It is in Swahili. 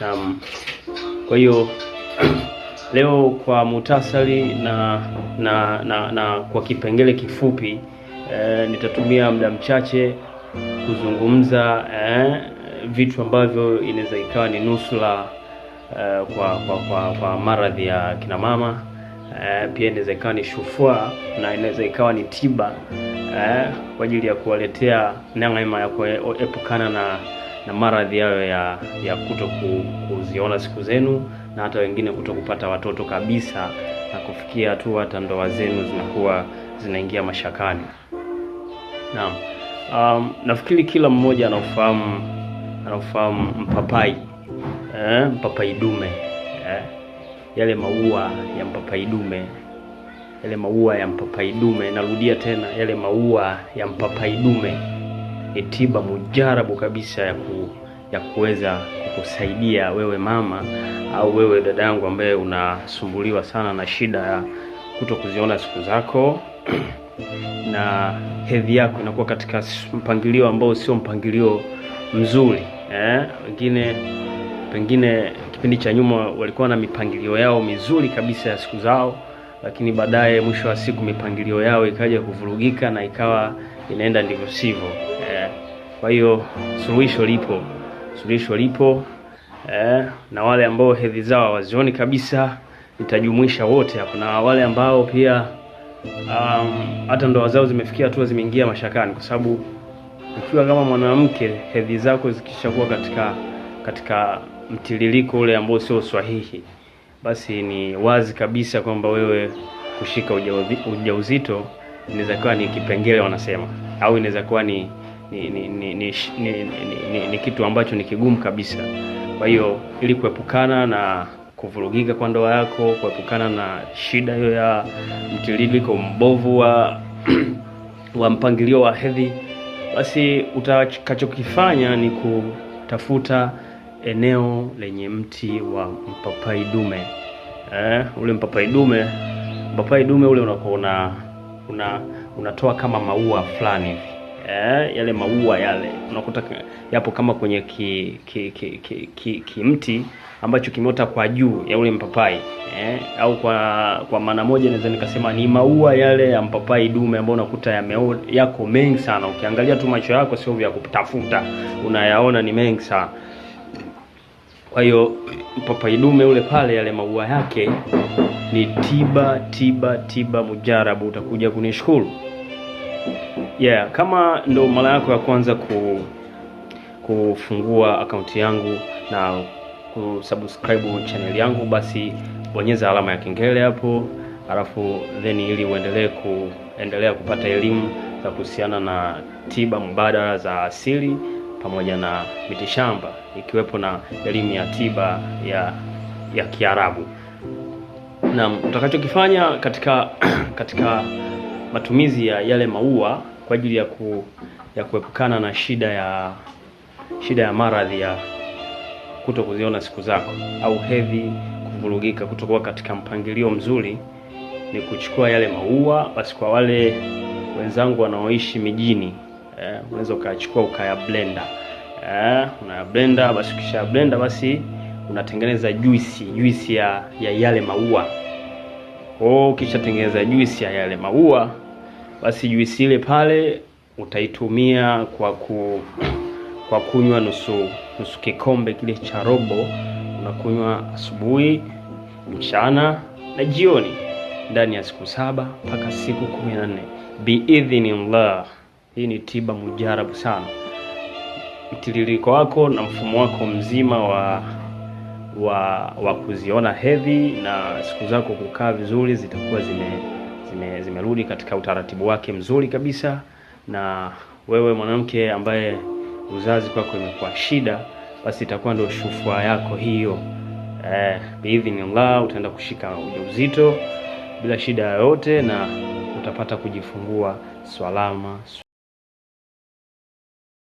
Naam, kwa hiyo leo kwa muhtasari na, na, na, na kwa kipengele kifupi eh, nitatumia muda mchache kuzungumza eh, vitu ambavyo inaweza ikawa ni nusura eh, kwa, kwa, kwa, kwa maradhi ya kina mama eh, pia inaweza ikawa ni shufua na inaweza ikawa ni tiba eh, kwa ajili ya kuwaletea neema ya kuepukana na na maradhi hayo ya, ya kuto kuziona siku zenu na hata wengine kuto kupata watoto kabisa na kufikia tu hata ndoa zenu zinakuwa zinaingia mashakani. Naam. Um, nafikiri kila mmoja anaofahamu anaofahamu mpapai eh, mpapai dume eh, yale maua ya mpapai dume yale maua ya mpapai dume, narudia tena, yale maua ya mpapai dume tiba mujarabu kabisa ya, ku, ya kuweza kukusaidia wewe mama au wewe dada yangu ambaye unasumbuliwa sana na shida ya kuto kuziona siku zako na hedhi yako inakuwa katika mpangilio ambao sio mpangilio mzuri eh? Wengine pengine kipindi cha nyuma walikuwa na mipangilio yao mizuri kabisa ya siku zao, lakini baadaye mwisho wa siku mipangilio yao ikaja kuvurugika na ikawa inaenda ndivyo sivyo. Kwa hiyo suluhisho lipo, suluhisho lipo eh, na wale ambao hedhi zao hawazioni kabisa nitajumuisha wote hapo, na wale ambao pia um, hata ndoa zao zimefikia hatua zimeingia mashakani, kwa sababu ukiwa kama mwanamke hedhi zako zikishakuwa katika katika mtiririko ule ambao sio sahihi, basi ni wazi kabisa kwamba wewe kushika ujauzito inaweza kuwa ni kipengele wanasema, au inaweza kuwa ni ni, ni, ni, ni, ni, ni, ni kitu ambacho ni kigumu kabisa. Kwa hiyo ili kuepukana na kuvurugika kwa ndoa yako, kuepukana na shida hiyo ya mtiririko mbovu wa wa mpangilio wa hedhi, basi utakachokifanya ni kutafuta eneo lenye mti wa mpapai dume eh, ule mpapai dume mpapai dume ule unakuwa una unatoa kama maua fulani hivi eh, yale maua yale unakuta yapo kama kwenye kimti ki, ki, ki, ki, ki ambacho kimeota kwa juu ya ule mpapai eh, au kwa kwa maana moja naweza nikasema ni maua yale ya mpapai dume ambao unakuta yameo, yako mengi sana. Ukiangalia tu macho yako sio vya kutafuta, unayaona ni mengi sana. Kwa hiyo mpapai dume ule pale, yale maua yake ni tiba tiba tiba mujarabu, utakuja kunishukuru. Yeah, kama ndo mara yako ya kwanza ku, kufungua akaunti yangu na kusubscribe channel yangu, basi bonyeza alama ya kengele hapo, alafu then ili uendelee kuendelea kupata elimu za kuhusiana na tiba mbadala za asili pamoja na mitishamba ikiwepo na elimu ya tiba ya ya Kiarabu. Na utakachokifanya katika katika matumizi ya yale maua kwa ajili ya ku, ya kuepukana na shida ya shida ya maradhi ya kuto kuziona siku zako au hedhi kuvurugika, kutokuwa katika mpangilio mzuri, ni kuchukua yale maua. Basi kwa wale wenzangu wanaoishi mijini eh, unaweza ukachukua ukaya blender eh, una blender basi, ukisha blender basi unatengeneza juisi juisi ya, ya yale maua. Oh, ukishatengeneza juisi ya yale maua basi juisi ile pale utaitumia kwa ku kwa kunywa nusu nusu kikombe kile cha robo, unakunywa asubuhi, mchana na jioni ndani ya siku saba mpaka siku kumi na nne biidhinillah. Hii ni tiba mujarabu sana. Mtiririko wako na mfumo wako mzima wa wa, wa kuziona hedhi na siku zako kukaa vizuri zitakuwa zime zime, zimerudi katika utaratibu wake mzuri kabisa. Na wewe mwanamke ambaye uzazi kwako imekuwa shida, basi itakuwa ndio shufua yako hiyo. Eh, biidhinillah utaenda kushika ujauzito bila shida yoyote na utapata kujifungua salama